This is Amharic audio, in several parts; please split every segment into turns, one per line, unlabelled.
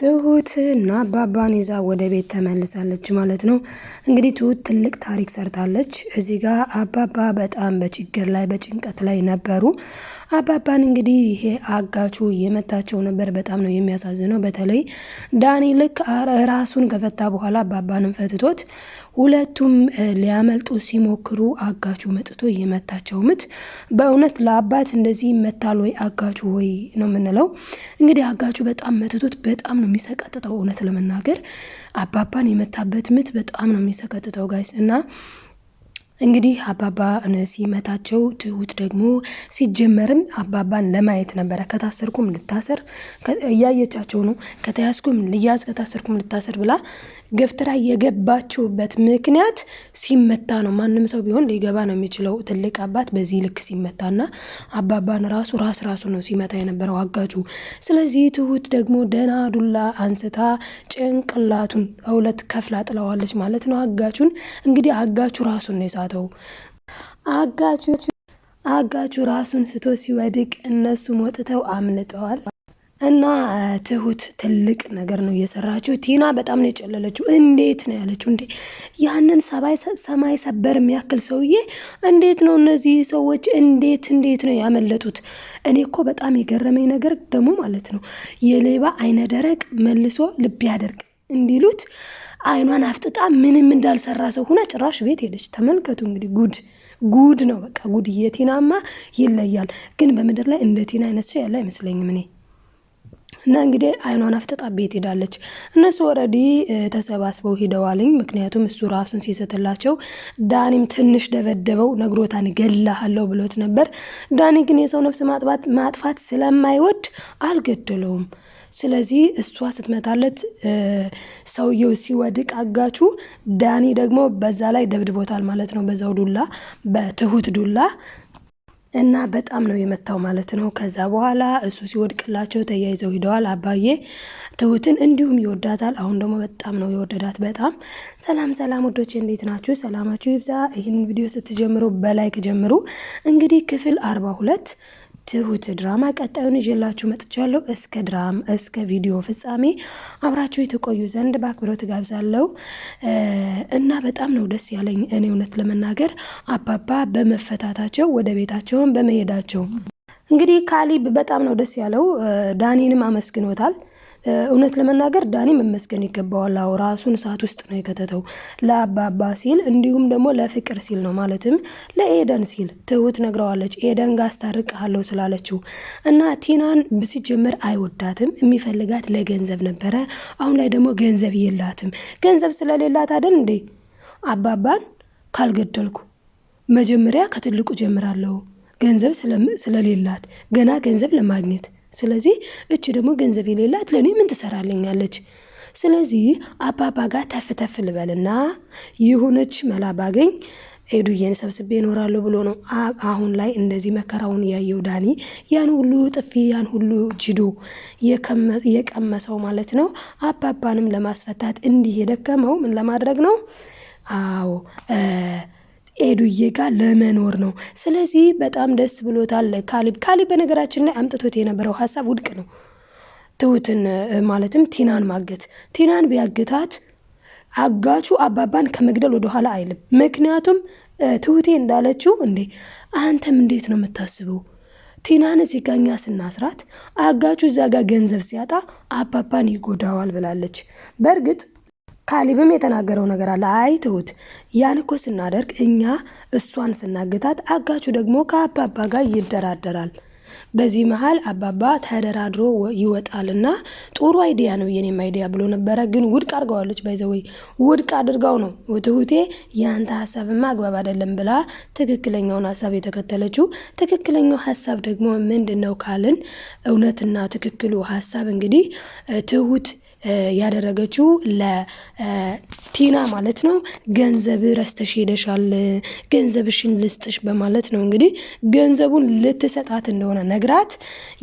ትሁት እና አባባን ይዛ ወደ ቤት ተመልሳለች ማለት ነው። እንግዲህ ትሁት ትልቅ ታሪክ ሰርታለች። እዚህ ጋር አባባ በጣም በችግር ላይ በጭንቀት ላይ ነበሩ። አባባን እንግዲህ ይሄ አጋቹ የመታቸው ነበር። በጣም ነው የሚያሳዝነው። በተለይ ዳኒ ልክ ራሱን ከፈታ በኋላ አባባንም ፈትቶት ሁለቱም ሊያመልጡ ሲሞክሩ አጋቹ መጥቶ የመታቸው ምት በእውነት ለአባት እንደዚህ መታል ወይ አጋቹ ወይ ነው የምንለው። እንግዲህ አጋቹ በጣም መትቶት በጣም ነው የሚሰቀጥጠው። እውነት ለመናገር አባባን የመታበት ምት በጣም ነው የሚሰቀጥጠው ጋይስ እና እንግዲህ አባባ ሲመታቸው ትሁት ደግሞ ሲጀመርም አባባን ለማየት ነበረ። ከታሰርኩም ልታሰር እያየቻቸው ነው። ከተያዝኩም ልያዝ፣ ከታሰርኩም ልታሰር ብላ ገፍትራ የገባችሁበት ምክንያት ሲመታ ነው። ማንም ሰው ቢሆን ሊገባ ነው የሚችለው። ትልቅ አባት በዚህ ልክ ሲመታና አባባን ራሱ ራስ ራሱ ነው ሲመታ የነበረው አጋጩ። ስለዚህ ትሁት ደግሞ ደና ዱላ አንስታ ጭንቅላቱን በሁለት ከፍላ ጥለዋለች ማለት ነው አጋቹን። እንግዲህ አጋቹ ራሱን ነው የሳተው። አጋቹ ራሱን ስቶ ሲወድቅ እነሱም ወጥተው አምልጠዋል። እና ትሁት ትልቅ ነገር ነው እየሰራችው። ቲና በጣም ነው የጨለለችው። እንዴት ነው ያለችው? እንዴ ያንን ሰማይ ሰበር የሚያክል ሰውዬ እንዴት ነው እነዚህ ሰዎች እንዴት እንዴት ነው ያመለጡት? እኔ እኮ በጣም የገረመኝ ነገር ደግሞ ማለት ነው የሌባ አይነ ደረቅ መልሶ ልብ ያደርግ እንዲሉት አይኗን አፍጥጣ ምንም እንዳልሰራ ሰው ሁና ጭራሽ ቤት ሄደች። ተመልከቱ እንግዲህ ጉድ ጉድ ነው በቃ ጉድ። የቲናማ ይለያል። ግን በምድር ላይ እንደ ቲና አይነት ሰው ያለ አይመስለኝም እኔ እና እንግዲህ አይኗን አፍጥጣ ቤት ሄዳለች። እነሱ ወረዲ ተሰባስበው ሂደዋልኝ። ምክንያቱም እሱ ራሱን ሲሰትላቸው ዳኒም ትንሽ ደበደበው፣ ነግሮታን ገላሃለው ብሎት ነበር። ዳኒ ግን የሰው ነፍስ ማጥባት ማጥፋት ስለማይወድ አልገደለውም። ስለዚህ እሷ ስትመታለት ሰውየው ሲወድቅ አጋቹ፣ ዳኒ ደግሞ በዛ ላይ ደብድቦታል ማለት ነው። በዛው ዱላ፣ በትሁት ዱላ እና በጣም ነው የመታው ማለት ነው። ከዛ በኋላ እሱ ሲወድቅላቸው ተያይዘው ሂደዋል። አባዬ ትሁትን እንዲሁም ይወዳታል። አሁን ደግሞ በጣም ነው የወደዳት። በጣም ሰላም ሰላም ወዶች፣ እንዴት ናችሁ? ሰላማችሁ ይብዛ። ይህን ቪዲዮ ስትጀምሩ በላይክ ጀምሩ። እንግዲህ ክፍል አርባ ሁለት ትሁት ድራማ ቀጣዩን ይዤላችሁ መጥቻለሁ። እስከ ድራም እስከ ቪዲዮ ፍጻሜ አብራችሁ የተቆዩ ዘንድ በአክብሮት ጋብዛለሁ እና በጣም ነው ደስ ያለኝ እኔ እውነት ለመናገር አባባ በመፈታታቸው ወደ ቤታቸውን በመሄዳቸው እንግዲህ ካሊብ በጣም ነው ደስ ያለው። ዳኒንም አመስግኖታል። እውነት ለመናገር ዳኒ መመስገን ይገባዋል። አዎ ራሱን እሳት ውስጥ ነው የከተተው ለአባባ ሲል እንዲሁም ደግሞ ለፍቅር ሲል ነው ማለትም ለኤደን ሲል ትሁት ነግረዋለች። ኤደን ጋር አስታርቅሃለሁ ስላለችው እና ቲናን ብሲጀምር አይወዳትም። የሚፈልጋት ለገንዘብ ነበረ። አሁን ላይ ደግሞ ገንዘብ የላትም። ገንዘብ ስለሌላት አይደል እንዴ አባባን ካልገደልኩ መጀመሪያ ከትልቁ ጀምራለሁ ገንዘብ ስለሌላት ገና ገንዘብ ለማግኘት ስለዚህ እች ደግሞ ገንዘብ የሌላት ለእኔ ምን ትሰራልኛለች? ስለዚህ አባባ ጋር ተፍ ተፍ ልበልና ይሁነች መላ ባገኝ ኤዱዬን ሰብስቤ እኖራለሁ ብሎ ነው። አሁን ላይ እንደዚህ መከራውን ያየው ዳኒ ያን ሁሉ ጥፊ፣ ያን ሁሉ ጅዶ የቀመሰው ማለት ነው። አባባንም ለማስፈታት እንዲህ የደከመው ምን ለማድረግ ነው? አዎ ኤዱዬ ጋር ለመኖር ነው። ስለዚህ በጣም ደስ ብሎታል ካሊብ። ካሊብ በነገራችን ላይ አምጥቶት የነበረው ሀሳብ ውድቅ ነው። ትሁትን ማለትም ቲናን ማገት። ቲናን ቢያግታት አጋቹ አባባን ከመግደል ወደኋላ አይልም። ምክንያቱም ትሁቴ እንዳለችው እንዴ አንተም እንዴት ነው የምታስበው? ቲናን እዚህ እኛ ስናስራት አጋቹ እዛጋ ጋር ገንዘብ ሲያጣ አባባን ይጎዳዋል ብላለች። በእርግጥ ካሊብም የተናገረው ነገር አለ። አይ ትሁት ያን እኮ ስናደርግ እኛ እሷን ስናግታት፣ አጋቹ ደግሞ ከአባባ ጋር ይደራደራል። በዚህ መሀል አባባ ተደራድሮ ይወጣል እና ጥሩ አይዲያ ነው የኔም አይዲያ ብሎ ነበረ፣ ግን ውድቅ አድርገዋለች። ባይዘወይ ውድቅ አድርጋው ነው ትሁቴ የአንተ ሀሳብማ አግባብ አይደለም ብላ ትክክለኛውን ሀሳብ የተከተለችው። ትክክለኛው ሀሳብ ደግሞ ምንድን ነው ካልን እውነትና ትክክሉ ሀሳብ እንግዲህ ትሁት ያደረገችው ለቲና ማለት ነው። ገንዘብ ረስተሽ ሄደሻል፣ ገንዘብሽን ልስጥሽ በማለት ነው እንግዲህ ገንዘቡን ልትሰጣት እንደሆነ ነግራት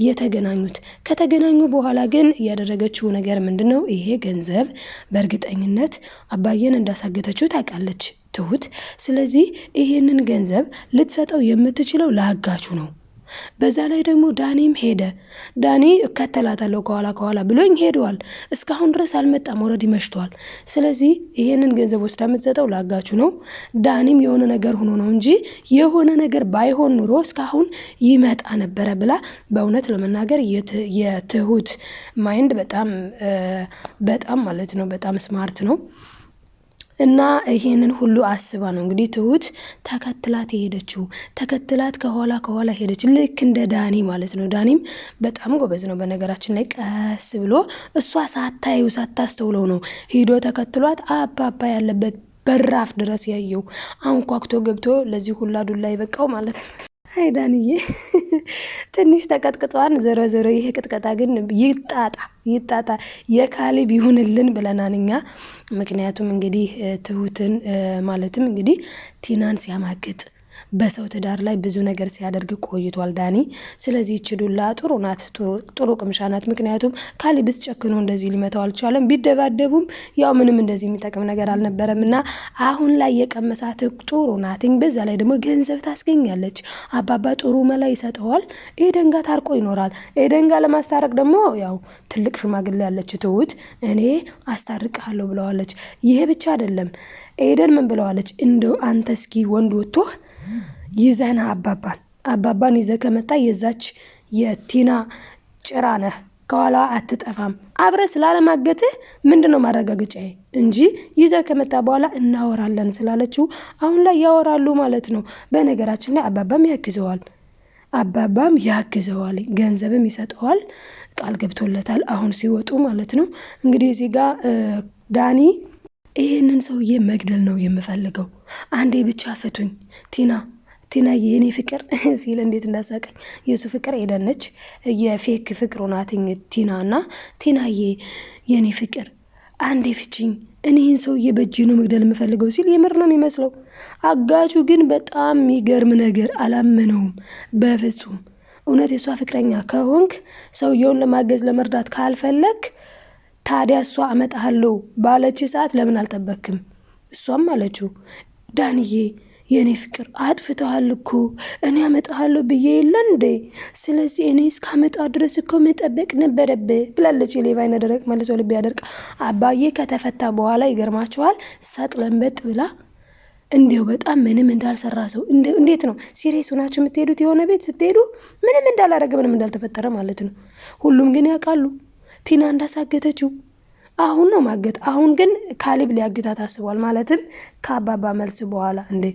የተገናኙት። ከተገናኙ በኋላ ግን ያደረገችው ነገር ምንድን ነው? ይሄ ገንዘብ በእርግጠኝነት አባዬን እንዳሳገተችው ታውቃለች ትሁት። ስለዚህ ይሄንን ገንዘብ ልትሰጠው የምትችለው ለአጋቹ ነው። በዛ ላይ ደግሞ ዳኒም ሄደ። ዳኒ እከተላታለሁ ከኋላ ከኋላ ብሎኝ ሄደዋል። እስካሁን ድረስ አልመጣም። ወረድ ይመሽተዋል። ስለዚህ ይሄንን ገንዘብ ወስዳ የምትሰጠው ላጋችሁ ነው። ዳኒም የሆነ ነገር ሆኖ ነው እንጂ የሆነ ነገር ባይሆን ኑሮ እስካሁን ይመጣ ነበረ ብላ በእውነት ለመናገር የትሁት ማይንድ በጣም በጣም ማለት ነው በጣም ስማርት ነው። እና ይሄንን ሁሉ አስባ ነው እንግዲህ ትሁት ተከትላት የሄደችው። ተከትላት ከኋላ ከኋላ ሄደች፣ ልክ እንደ ዳኒ ማለት ነው። ዳኒም በጣም ጎበዝ ነው በነገራችን ላይ። ቀስ ብሎ እሷ ሳታየው ሳታስተውለው ነው ሂዶ ተከትሏት አባባ ያለበት በራፍ ድረስ ያየው አንኳኩቶ ገብቶ ለዚህ ሁላ ዱላ ይበቃው ማለት ነው። አይዳንዬ ትንሽ ተቀጥቅጧን። ዞሮ ዞሮ ይሄ ቅጥቀጣ ግን ይጣጣ ይጣጣ የካሊብ ይሁንልን ብለናን እኛ። ምክንያቱም እንግዲህ ትሁትን ማለትም እንግዲህ ቲናን ሲያማግጥ በሰው ትዳር ላይ ብዙ ነገር ሲያደርግ ቆይቷል ዳኒ። ስለዚህ ዱላ ጥሩ ናት፣ ጥሩ ቅምሻ ናት። ምክንያቱም ካሊብስ ጨክኖ እንደዚህ ሊመታው አልቻለም። ቢደባደቡም ያው ምንም እንደዚህ የሚጠቅም ነገር አልነበረም እና አሁን ላይ የቀመሳት ጥሩ ናትኝ። በዛ ላይ ደግሞ ገንዘብ ታስገኛለች። አባባ ጥሩ መላ ይሰጠዋል። ኤደንጋ ታርቆ ይኖራል። ኤደንጋ ለማስታረቅ ደግሞ ያው ትልቅ ሽማግሌ ያለች ትውት እኔ አስታርቅሃለሁ ብለዋለች። ይሄ ብቻ አይደለም ኤደን ምን ብለዋለች? እንደው አንተ እስኪ ወንድ ወጥቶህ ይዘና አባባን አባባን ይዘ ከመጣ የዛች የቲና ጭራ ነህ ከኋላ አትጠፋም። አብረ ስላለማገትህ ምንድን ነው ማረጋገጫ እንጂ ይዘ ከመጣ በኋላ እናወራለን ስላለችው አሁን ላይ ያወራሉ ማለት ነው። በነገራችን ላይ አባባም ያግዘዋል አባባም ያግዘዋል፣ ገንዘብም ይሰጠዋል። ቃል ገብቶለታል። አሁን ሲወጡ ማለት ነው እንግዲህ እዚህ ጋር ዳኒ ይህንን ሰውዬ መግደል ነው የምፈልገው። አንዴ ብቻ ፍቱኝ ቲና ቲና የኔ ፍቅር ሲል እንዴት እንዳሳቀኝ። የእሱ ፍቅር ሄደነች የፌክ ፍቅር ናትኝ ቲና እና ቲናዬ የኔ ፍቅር አንዴ ፍችኝ፣ እኔህን ሰውዬ በእጄ ነው መግደል የምፈልገው ሲል የምር ነው የሚመስለው። አጋቹ ግን በጣም የሚገርም ነገር አላመነውም በፍጹም። እውነት የእሷ ፍቅረኛ ከሆንክ ሰውየውን ለማገዝ ለመርዳት ካልፈለግ ታዲያ እሷ አመጣሃለሁ ባለች ሰዓት ለምን አልጠበክም? እሷም አለችው ዳንዬ የእኔ ፍቅር አጥፍተሃል እኮ እኔ አመጣሃለሁ ብዬ የለ እንዴ? ስለዚህ እኔ እስካመጣ ድረስ እኮ መጠበቅ ነበረብ ብላለች። የሌባ አይነ ደረቅ መልሶ ልብ ያደርቅ አባዬ ከተፈታ በኋላ ይገርማቸዋል ሳጥለንበጥ ብላ እንዲው በጣም ምንም እንዳልሰራ ሰው እንዴት ነው ሲሪየስ ሆናችሁ የምትሄዱት? የሆነ ቤት ስትሄዱ ምንም እንዳላረገ ምንም እንዳልተፈጠረ ማለት ነው። ሁሉም ግን ያውቃሉ። ቲና እንዳሳገተችው አሁን ነው ማገት። አሁን ግን ካሊብ ሊያግታ ታስቧል ማለትም ከአባባ መልስ በኋላ እንዴ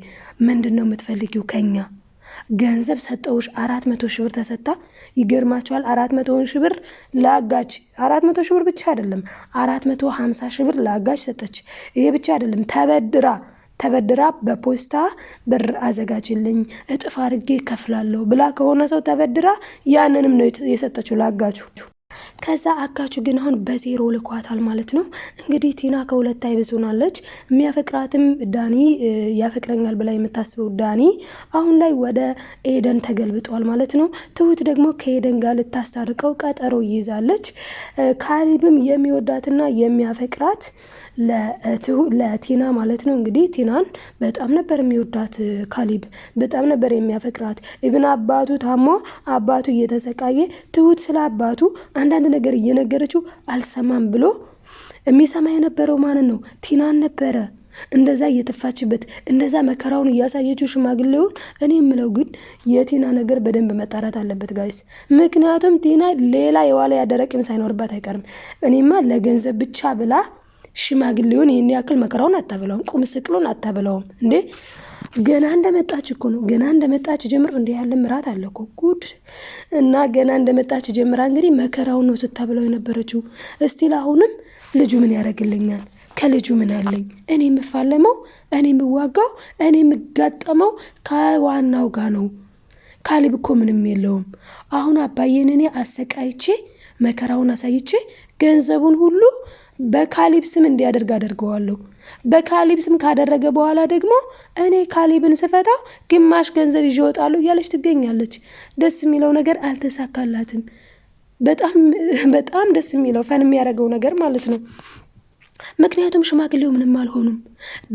ምንድን ነው የምትፈልጊው ከኛ? ገንዘብ ሰጠውሽ፣ አራት መቶ ሺህ ብር ተሰጣ። ይገርማችኋል፣ አራት መቶውን ሺህ ብር ለአጋች አራት መቶ ሺህ ብር ብቻ አይደለም፣ አራት መቶ ሀምሳ ሺህ ብር ለአጋች ሰጠች። ይሄ ብቻ አይደለም፣ ተበድራ ተበድራ በፖስታ ብር አዘጋጅልኝ እጥፍ አድርጌ ከፍላለሁ ብላ ከሆነ ሰው ተበድራ ያንንም ነው የሰጠችው ለአጋቹ። ከዛ አጋቹ ግን አሁን በዜሮ ልኳታል ማለት ነው። እንግዲህ ቲና ከሁለት አይብዙናለች። የሚያፈቅራትም ዳኒ ያፈቅረኛል ብላ የምታስበው ዳኒ አሁን ላይ ወደ ኤደን ተገልብጧል ማለት ነው። ትሁት ደግሞ ከኤደን ጋር ልታስታርቀው ቀጠሮ ይይዛለች። ካሊብም የሚወዳትና የሚያፈቅራት ለቲና ማለት ነው። እንግዲህ ቲናን በጣም ነበር የሚወዳት ካሊብ፣ በጣም ነበር የሚያፈቅራት። ኢብን አባቱ ታሞ አባቱ እየተሰቃየ ትሁት ስለ አባቱ አንዳንድ ነገር እየነገረችው አልሰማም ብሎ የሚሰማ የነበረው ማንን ነው? ቲናን ነበረ። እንደዛ እየተፋችበት እንደዛ መከራውን እያሳየችው ሽማግሌውን። እኔ የምለው ግን የቲና ነገር በደንብ መጣራት አለበት ጋይስ። ምክንያቱም ቲና ሌላ የዋላ ያደረቅም ሳይኖርባት አይቀርም። እኔማ ለገንዘብ ብቻ ብላ ሽማግሌውን ይህን ያክል መከራውን አታበላውም፣ ቁም ስቅሉን አታበላውም። እንዴ ገና እንደመጣች እኮ ነው። ገና እንደመጣች ጀምር እንዲ ያለ ምራት አለ እኮ ጉድ። እና ገና እንደመጣች ጀምራ እንግዲህ መከራውን ነው ስታበላው የነበረችው። እስቲል አሁንም ልጁ ምን ያደርግልኛል? ከልጁ ምን አለኝ? እኔ የምፋለመው፣ እኔ የምዋጋው፣ እኔ የምጋጠመው ከዋናው ጋር ነው። ካሊብ እኮ ምንም የለውም። አሁን አባዬን እኔ አሰቃይቼ መከራውን አሳይቼ ገንዘቡን ሁሉ በካሊብ ስም እንዲያደርግ አደርገዋለሁ። በካሊብ ስም ካደረገ በኋላ ደግሞ እኔ ካሊብን ስፈታው ግማሽ ገንዘብ ይዤ እወጣለሁ እያለች ትገኛለች። ደስ የሚለው ነገር አልተሳካላትም። በጣም በጣም ደስ የሚለው ፈን የሚያደርገው ነገር ማለት ነው። ምክንያቱም ሽማግሌው ምንም አልሆኑም።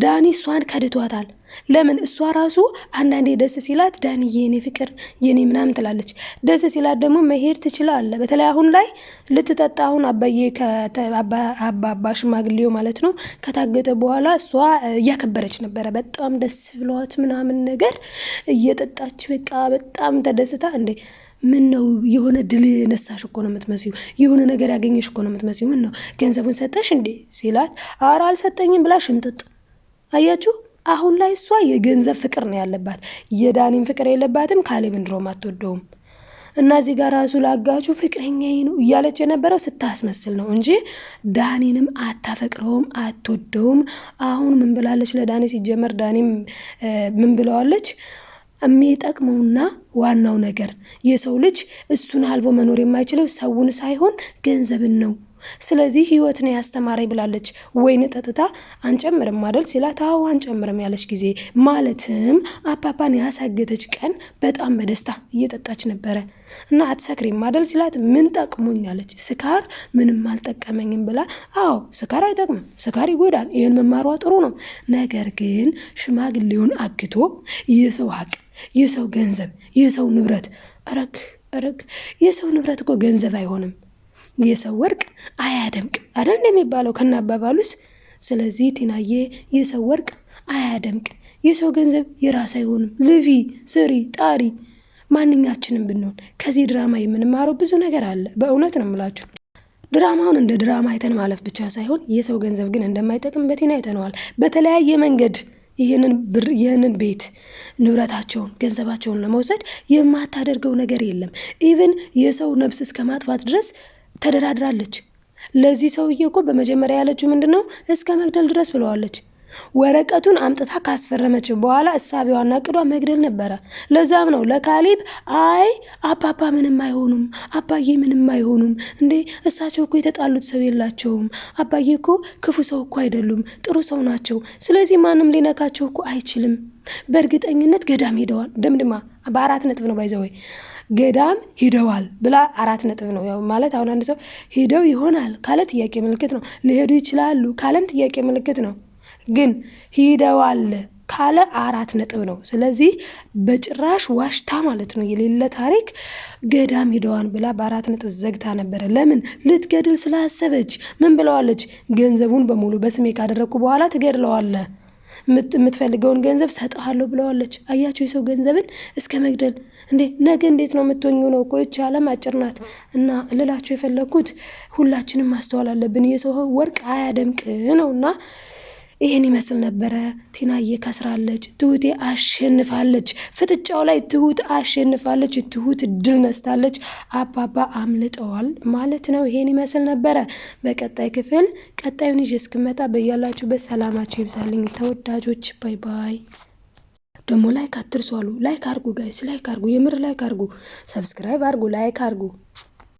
ዳኒ እሷን ከድቷታል። ለምን እሷ ራሱ አንዳንዴ ደስ ሲላት ዳንዬ የኔ ፍቅር የኔ ምናምን ትላለች። ደስ ሲላት ደግሞ መሄድ ትችላለ በተለይ አሁን ላይ ልትጠጣ አሁን አባዬ አባባ ሽማግሌው ማለት ነው ከታገጠ በኋላ እሷ እያከበረች ነበረ። በጣም ደስ ብሏት ምናምን ነገር እየጠጣች በቃ በጣም ተደስታ እንዴ ምን ነው የሆነ ድል የነሳሽ እኮ ነው የምትመስዩ፣ የሆነ ነገር ያገኘሽ እኮ ነው የምትመስዩ። ምን ነው ገንዘቡን ሰጠሽ እንዴ ሲላት፣ አረ አልሰጠኝም ብላ ሽምጥጥ አያችሁ። አሁን ላይ እሷ የገንዘብ ፍቅር ነው ያለባት። የዳኒን ፍቅር የለባትም። ካሌብ እንድሮም አትወደውም። እና እዚህ ጋር ራሱ ላጋቹ ፍቅረኛዬ ነው እያለች የነበረው ስታስመስል ነው እንጂ ዳኒንም አታፈቅረውም፣ አትወደውም። አሁን ምን ብላለች ለዳኒ? ሲጀመር ዳኒም ምን ብለዋለች? የሚጠቅመውና ዋናው ነገር የሰው ልጅ እሱን አልቦ መኖር የማይችለው ሰውን ሳይሆን ገንዘብን ነው ስለዚህ ህይወት ነው ያስተማረኝ ብላለች። ወይን ጠጥታ አንጨምርም አይደል ሲላት አዎ አንጨምርም ያለች ጊዜ ማለትም አፓፓን ያሳገተች ቀን በጣም በደስታ እየጠጣች ነበረ እና አትሰክሪም አይደል ሲላት ምን ጠቅሞኝ አለች። ስካር ምንም አልጠቀመኝም ብላ አዎ ስካር አይጠቅምም፣ ስካር ይጎዳል። ይህን መማሯ ጥሩ ነው። ነገር ግን ሽማግሌውን አግቶ የሰው ሀቅ፣ የሰው ገንዘብ፣ የሰው ንብረት ረግ ረግ የሰው ንብረት እኮ ገንዘብ አይሆንም። የሰው ወርቅ አያደምቅ አይደል እንደሚባለው ከናባባሉስ። ስለዚህ ቲናዬ የሰው ወርቅ አያደምቅ፣ የሰው ገንዘብ የራስ አይሆንም። ልቪ ስሪ፣ ጣሪ ማንኛችንም ብንሆን ከዚህ ድራማ የምንማረው ብዙ ነገር አለ። በእውነት ነው የምላችሁ። ድራማውን እንደ ድራማ አይተን ማለፍ ብቻ ሳይሆን የሰው ገንዘብ ግን እንደማይጠቅም በቲና አይተነዋል። በተለያየ መንገድ ይህንን ብር ይህንን ቤት ንብረታቸውን ገንዘባቸውን ለመውሰድ የማታደርገው ነገር የለም። ኢቨን የሰው ነብስ እስከ ማጥፋት ድረስ ተደራድራለች። ለዚህ ሰውዬ እኮ በመጀመሪያ ያለችው ምንድን ነው? እስከ መግደል ድረስ ብለዋለች። ወረቀቱን አምጥታ ካስፈረመች በኋላ እሳቢዋና ቅዷ መግደል ነበረ። ለዛም ነው ለካሊብ አይ አባባ ምንም አይሆኑም፣ አባዬ ምንም አይሆኑም፣ እንዴ እሳቸው እኮ የተጣሉት ሰው የላቸውም፣ አባዬ እኮ ክፉ ሰው እኮ አይደሉም፣ ጥሩ ሰው ናቸው። ስለዚህ ማንም ሊነካቸው እኮ አይችልም። በእርግጠኝነት ገዳም ሄደዋል። ደምድማ በአራት ነጥብ ነው ባይዘወይ ገዳም ሂደዋል ብላ አራት ነጥብ ነው ማለት። አሁን አንድ ሰው ሂደው ይሆናል ካለ ጥያቄ ምልክት ነው። ሊሄዱ ይችላሉ ካለም ጥያቄ ምልክት ነው። ግን ሂደዋል ካለ አራት ነጥብ ነው። ስለዚህ በጭራሽ ዋሽታ ማለት ነው የሌለ ታሪክ ገዳም ሂደዋን ብላ በአራት ነጥብ ዘግታ ነበረ። ለምን ልትገድል ስላሰበች ምን ብለዋለች? ገንዘቡን በሙሉ በስሜ ካደረግኩ በኋላ ትገድለዋለህ የምትፈልገውን ገንዘብ ሰጠሃለሁ ብለዋለች። አያቸው የሰው ገንዘብን እስከ መግደል እንዴ! ነገ እንዴት ነው የምትሆኙ ነው እኮ ይቺ ዓለም አጭር ናት። እና ልላቸው የፈለግኩት ሁላችንም ማስተዋል አለብን። የሰው ወርቅ አያደምቅ ነው እና ይህን ይመስል ነበረ። ቲናዬ ከስራለች፣ ትሁቴ አሸንፋለች። ፍጥጫው ላይ ትሁት አሸንፋለች። ትሁት ድል ነስታለች። አባባ አምልጠዋል ማለት ነው። ይሄን ይመስል ነበረ። በቀጣይ ክፍል ቀጣዩን ይዤ እስክመጣ በያላችሁበት ሰላማችሁ ይብዛልኝ ተወዳጆች። ባይ ባይ። ደግሞ ላይክ አትርሷሉ። አሉ። ላይክ አርጉ ጋይስ፣ ላይክ አርጉ፣ የምር ላይክ አርጉ። ሰብስክራይብ አርጉ፣ ላይክ አርጉ።